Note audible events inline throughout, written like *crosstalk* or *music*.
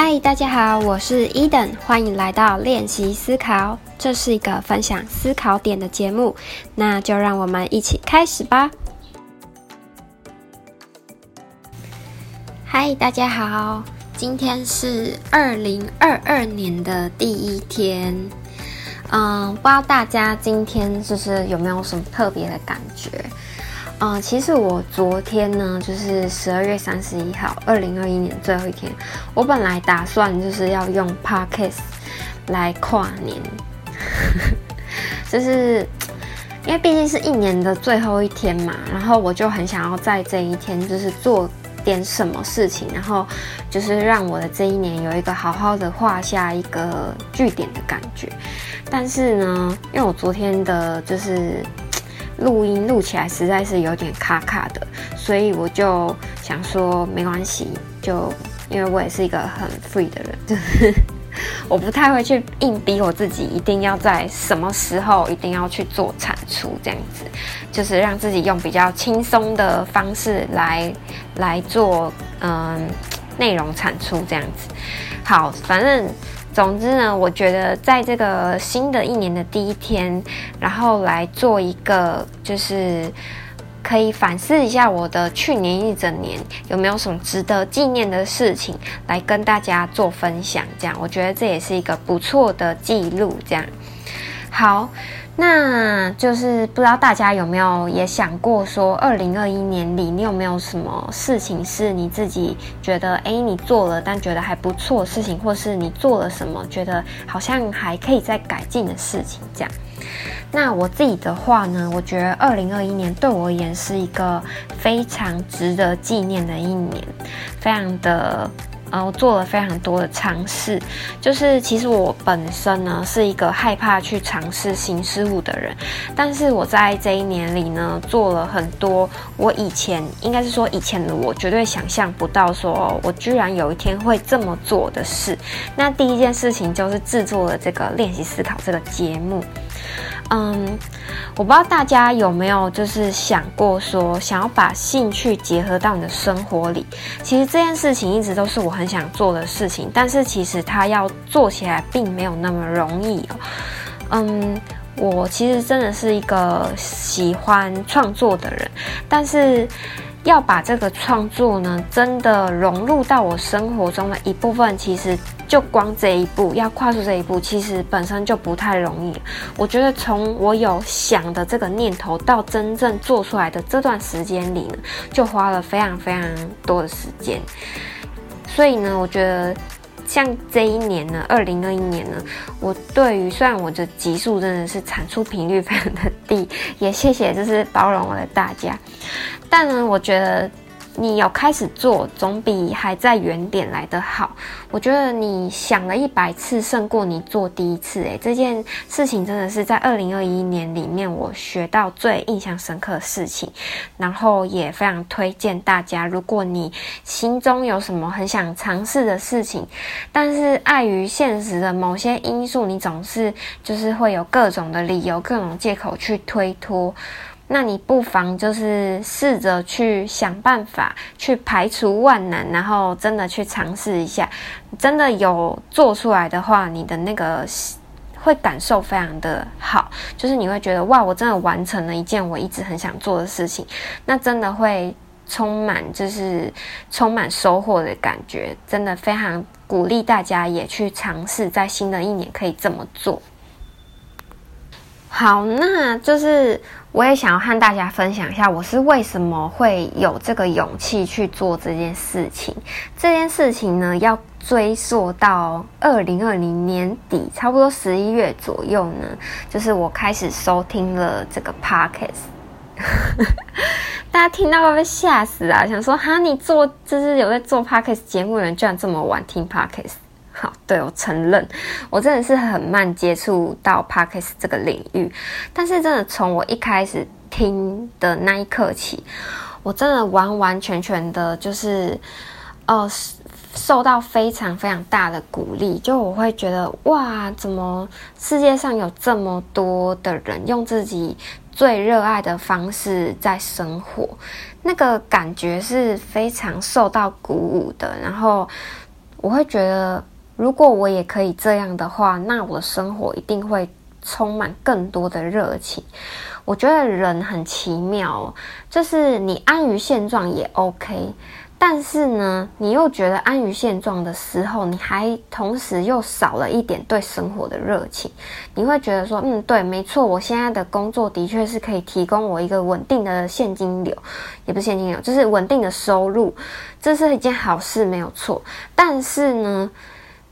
嗨，Hi, 大家好，我是 Eden，歡迎來到練習思考，這是一個分享思考點的節目，那就讓我們一起開始吧。嗨，大家好，今天是二零二二年的第一天，嗯，不知道大家今天就是有沒有什麼特別的感覺？嗯、呃，其實我昨天呢，就是十二月三十一號，二零二一年最後一天。我本來打算就是要用 podcast 來跨年， *laughs* 就是因為畢竟是一年的最後一天嘛，然後我就很想要在這一天就是做點什麼事情，然後就是讓我的這一年有一個好好的畫下一個句點的感覺。但是呢，因為我昨天的就是。錄音錄起來實在是有點卡卡的，所以我就想說沒關係，就因為我也是一個很 free 的人，就是我不太會去硬逼我自己一定要在什麼時候一定要去做產出這樣子，就是讓自己用比較輕鬆的方式來來做，嗯，內容產出這樣子。好，反正。總之呢，我覺得在這個新的一年的第一天，然後來做一個，就是可以反思一下我的去年一整年有沒有什麼值得紀念的事情，來跟大家做分享。這樣，我覺得這也是一個不錯的記錄。這樣，好。那就是不知道大家有沒有也想過說，二零二一年裡你有沒有什麼事情是你自己覺得，哎、欸，你做了但覺得還不錯的事情，或是你做了什麼覺得好像還可以再改進的事情？這樣。那我自己的話呢，我覺得二零二一年對我而言是一個非常值得紀念的一年，非常的。呃，我做了非常多的嘗試，就是其實我本身呢是一個害怕去嘗試新事物的人，但是我在這一年裡呢做了很多我以前，應該是說以前的我絕對想象不到，說我居然有一天會這麼做的事。那第一件事情就是制作了這個練習思考這個節目。嗯，我不知道大家有沒有就是想過說，想要把興趣結合到你的生活裡。其實這件事情一直都是我很想做的事情，但是其實它要做起來並沒有那麼容易哦。嗯，我其實真的是一個喜歡創作的人，但是。要把這個創作呢，真的融入到我生活中的一部分，其實就光這一步，要跨出這一步，其實本身就不太容易了。我覺得從我有想的這個念頭到真正做出來的這段時間裡呢，就花了非常非常多的時間，所以呢，我覺得。像這一年呢，二零二一年呢，我對於算我的集數，真的是產出頻率非常的低，也謝謝就是包容我的大家，但呢，我覺得。你有開始做，總比還在原點來得好。我覺得你想了一百次，勝過你做第一次，欸。誒，這件事情真的是在二零二一年裡面，我學到最印象深刻的事情。然後也非常推薦大家，如果你心中有什麼很想嘗試的事情，但是礙於現實的某些因素，你總是就是會有各種的理由、各種借口去推脫。那你不妨就是試着去想辦法去排除萬難，然後真的去嘗試一下。真的有做出來的話，你的那個會感受非常的好，就是你會覺得哇，我真的完成了一件我一直很想做的事情。那真的會充滿就是充滿收穫的感覺，真的非常鼓勵大家也去嘗試，在新的一年可以這麼做。好，那就是我也想要和大家分享一下，我是為什麼會有這個勇氣去做這件事情。這件事情呢，要追溯到二零二零年底，差不多十一月左右呢，就是我開始收聽了這個 podcast。 *laughs* 大家聽到會被嚇死啊！想說，哈，你做就是有在做 podcast 節目的人，居然這麼晚聽 podcast。好對、哦，我承認，我真的是很慢接觸到 Podcast 這個領域，但是真的從我一開始聽的那一刻起，我真的完完全全的，就是哦、呃，受到非常非常大的鼓勵。就我會覺得，哇，怎麼世界上有這麼多的人用自己最熱愛的方式在生活？那個感覺是非常受到鼓舞的。然後我會覺得，如果我也可以這樣的話，那我的生活一定會充滿更多的熱情。我覺得人很奇妙哦，就是你安於現狀也 OK，但是呢，你又覺得安於現狀的時候，你還同時又少了一點對生活的熱情。你會覺得說，嗯，對，沒錯，我現在的工作的確是可以提供我一個穩定的現金流，也不是現金流，就是穩定的收入，這是一件好事，沒有錯。但是呢，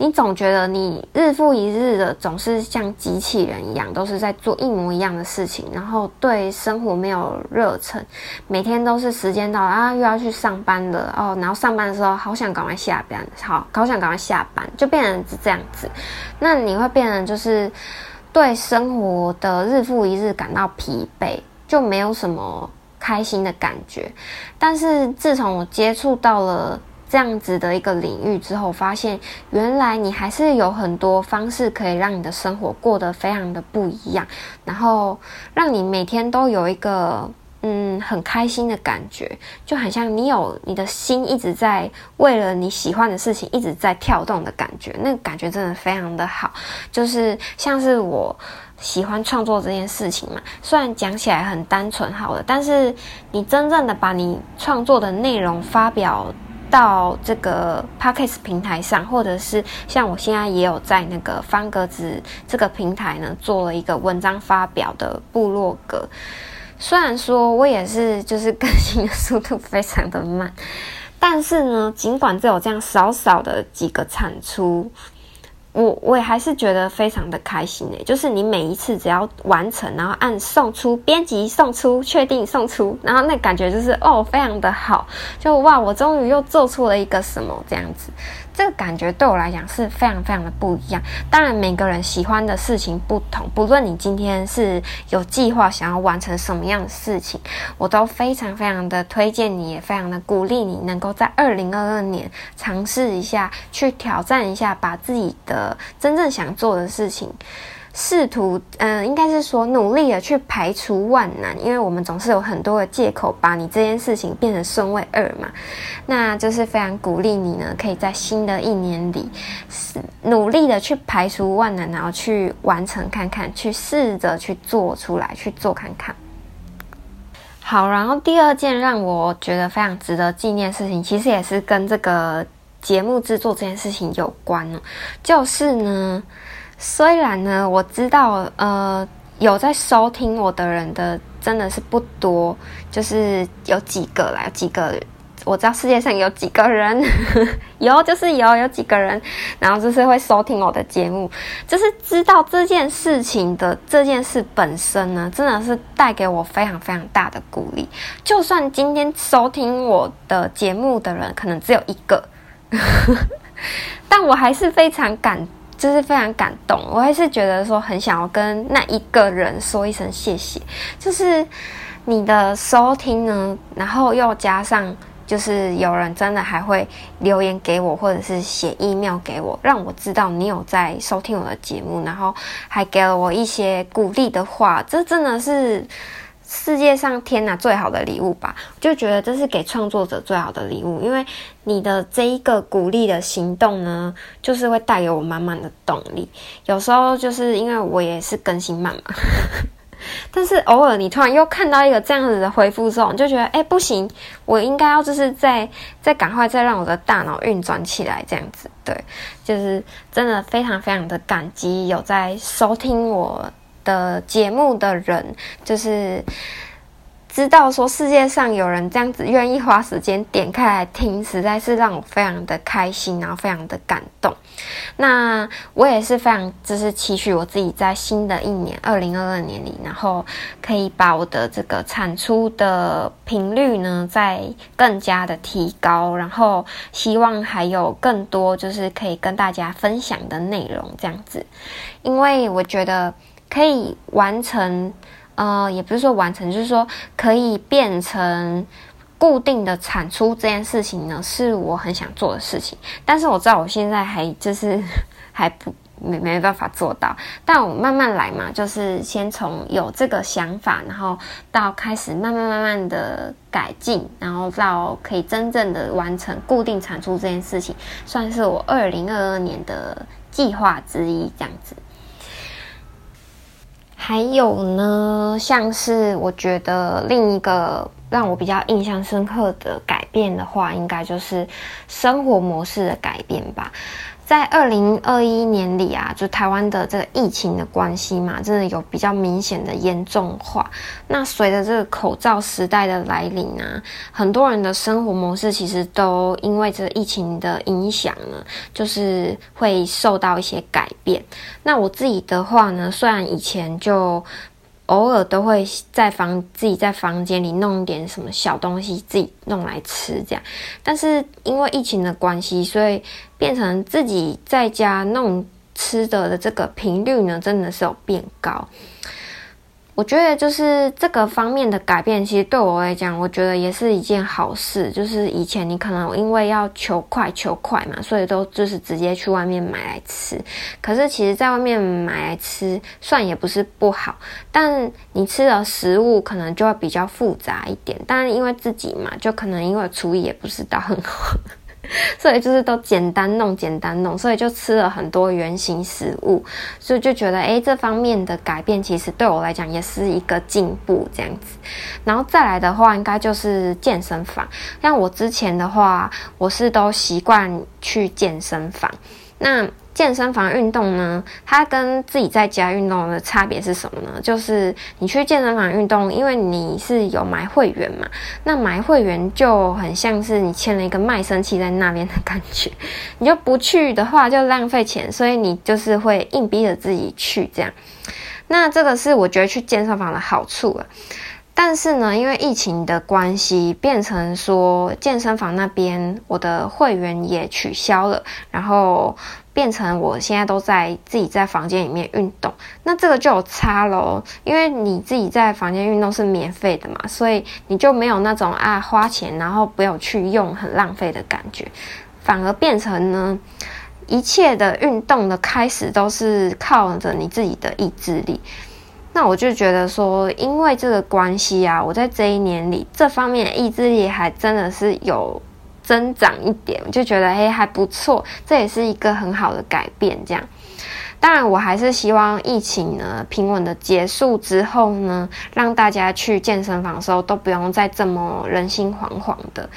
你總覺得你日復一日的總是像機器人一樣，都是在做一模一樣的事情，然後對生活沒有熱忱，每天都是時間到了啊，又要去上班了哦，然後上班的時候好想趕快下班，好，好想趕快下班，就變成這樣子。那你會變成就是對生活的日復一日感到疲憊，就沒有什麼開心的感覺。但是自從我接觸到了。這樣子的一個領域之後，發現原來你還是有很多方式可以讓你的生活過得非常的不一樣，然後讓你每天都有一個嗯很開心的感覺，就好像你有你的心一直在為了你喜歡的事情一直在跳動的感覺，那個感覺真的非常的好。就是像是我喜歡創作這件事情嘛，雖然講起來很單純好了，但是你真正的把你創作的內容發表。到這個 Podcast 平台上，或者是像我現在也有在那個方格子這個平台呢，做了一個文章發表的部落格。雖然說我也是，就是更新的速度非常的慢，但是呢，儘管只有這樣少少的幾個產出。我我也還是覺得非常的開心誒、欸、就是你每一次只要完成，然後按送出、編輯、送出、確定送出，然後那感覺就是哦，非常的好，就哇，我終於又做出了一個什麼這樣子。這個感覺對我來講是非常非常的不一樣。當然，每個人喜歡的事情不同。不論你今天是有計劃想要完成什麼樣的事情，我都非常非常的推薦你，也非常的鼓勵你，能夠在2022年嘗試一下，去挑戰一下，把自己的真正想做的事情。試圖，嗯、呃，應該是說努力的去排除萬難，因為我們總是有很多的借口，把你這件事情變成順位二嘛，那就是非常鼓勵你呢，可以在新的一年裡，努力的去排除萬難，然後去完成看看，去試着去做出來去做看看。好，然後第二件讓我覺得非常值得紀念的事情，其實也是跟這個節目制作這件事情有關、哦、就是呢。雖然呢，我知道，呃，有在收聽我的人的真的是不多，就是有幾個啦，有幾個，我知道世界上有幾個人， *laughs* 有就是有有幾個人，然後就是會收聽我的節目，就是知道這件事情的這件事本身呢，真的是帶給我非常非常大的鼓勵。就算今天收聽我的節目的人可能只有一個， *laughs* 但我還是非常感動。就是非常感動，我還是覺得說很想要跟那一個人說一聲謝謝。就是你的收聽呢，然後又加上就是有人真的還會留言給我，或者是寫 email 給我，讓我知道你有在收聽我的節目，然後還給了我一些鼓勵的話，這真的是。世界上天哪，最好的禮物吧，就覺得這是給創作者最好的禮物，因為你的這一個鼓勵的行動呢，就是會帶給我滿滿的動力。有時候就是因為我也是更新慢嘛，但是偶爾你突然又看到一個這樣子的回復之後，你就覺得哎、欸、不行，我應該要就是再再趕快再讓我的大腦運轉起來這樣子。對，就是真的非常非常的感激有在收聽我的節目的人，就是知道說世界上有人這樣子願意花時間點開來聽，實在是讓我非常的開心，然後非常的感動。那我也是非常就是期許我自己在新的一年，2022年裡，然後可以把我的這個產出的頻率呢再更加的提高，然後希望還有更多就是可以跟大家分享的內容，這樣子，因為我覺得。可以完成，呃，也不是說完成，就是說可以變成固定的產出這件事情呢，是我很想做的事情。但是我知道我現在還就是還不沒沒辦法做到，但我慢慢來嘛，就是先從有這個想法，然後到開始慢慢慢慢的改進，然後到可以真正的完成固定產出這件事情，算是我2022年的計劃之一，這樣子。還有呢，像是我覺得另一個讓我比較印象深刻的改變的話，應該就是生活模式的改變吧。在二零二一年裡啊，就台灣的這個疫情的關係嘛，真的有比較明顯的嚴重化。那隨着這個口罩時代的來臨啊，很多人的生活模式其實都因為這個疫情的影響呢，就是會受到一些改變。那我自己的話呢，雖然以前就。偶爾都會在房自己在房間裡弄點什麼小東西，自己弄來吃這樣。但是因為疫情的關係，所以變成自己在家弄吃的的這個頻率呢，真的是有變高。我覺得就是這個方面的改變，其實對我來講，我覺得也是一件好事。就是以前你可能因為要求快、求快嘛，所以都就是直接去外面買來吃。可是其實，在外面買來吃算也不是不好，但你吃的食物可能就會比較複雜一點。但因為自己嘛，就可能因為廚藝也不是到很好。所以就是都簡單弄，簡單弄，所以就吃了很多原型食物，所以就覺得哎、欸，這方面的改變其實對我來講也是一個進步這樣子。然後再來的話，應該就是健身房。像我之前的話，我是都習慣去健身房。那健身房運動呢，它跟自己在家運動的差別是什麼呢？就是你去健身房運動，因為你是有買會員嘛，那買會員就很像是你簽了一個賣身契在那邊的感覺。你就不去的話，就浪費錢，所以你就是會硬逼着自己去這樣。那這個是我覺得去健身房的好處了啊。但是呢，因為疫情的關係，變成說健身房那邊我的會員也取消了，然後。變成我現在都在自己在房間裡面運動，那這個就有差咯。因為你自己在房間運動是免費的嘛，所以你就沒有那種啊花錢，然後不要去用很浪費的感覺，反而變成呢一切的運動的開始都是靠着你自己的意志力。那我就覺得說，因為這個關係啊，我在這一年裡這方面意志力還真的是有。增長一點，我就覺得誒還不錯，這也是一個很好的改變。這樣，當然我還是希望疫情呢平穩的結束之後呢，讓大家去健身房的時候都不用再這麼人心惶惶的。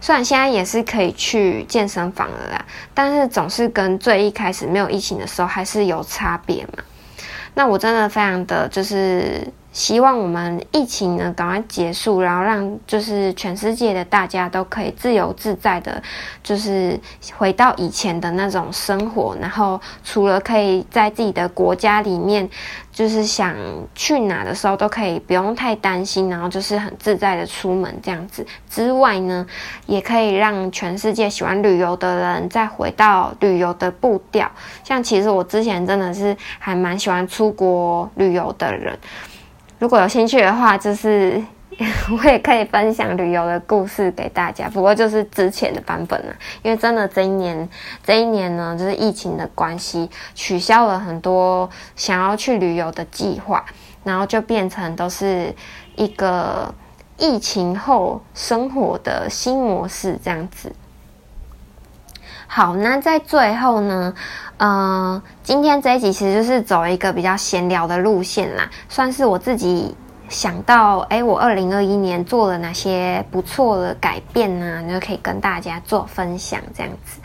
雖然現在也是可以去健身房了啦，但是總是跟最一開始沒有疫情的時候還是有差別嘛。那我真的非常的就是。希望我們疫情呢趕快結束，然後讓就是全世界的大家都可以自由自在的，就是回到以前的那種生活。然後除了可以在自己的國家裡面，就是想去哪的時候都可以不用太擔心，然後就是很自在的出門這樣子之外呢，也可以讓全世界喜歡旅遊的人再回到旅遊的步調。像其實我之前真的是還蠻喜歡出國旅遊的人。如果有興趣的話，就是我也可以分享旅遊的故事給大家。不過就是之前的版本了啊，因為真的這一年，這一年呢，就是疫情的關係，取消了很多想要去旅遊的計劃，然後就變成都是一個疫情後生活的新模式這樣子。好，那在最後呢，呃，今天這一集其實就是走一個比較閒聊的路線啦，算是我自己想到，欸，我二零二一年做了哪些不錯的改變呢，你就可以跟大家做分享，這樣子。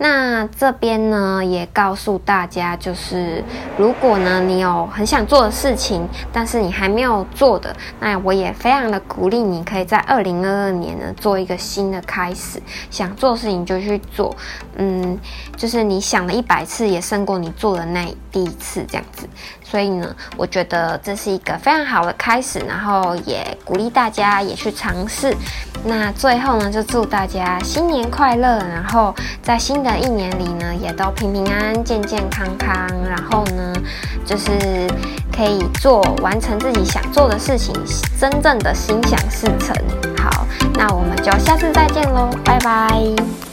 那這邊呢，也告訴大家，就是如果呢，你有很想做的事情，但是你還沒有做的，那我也非常的鼓勵你，可以在二零二二年呢做一個新的開始，想做的事情就去做，嗯，就是你想了一百次，也勝過你做的那第一次這樣子。所以呢，我覺得這是一個非常好的開始，然後也鼓勵大家也去嘗試。那最後呢，就祝大家新年快樂，然後在新的。一年裡呢，也都平平安安、健健康康，然後呢，就是可以做完成自己想做的事情，真正的心想事成。好，那我們就下次再見嘍，拜拜。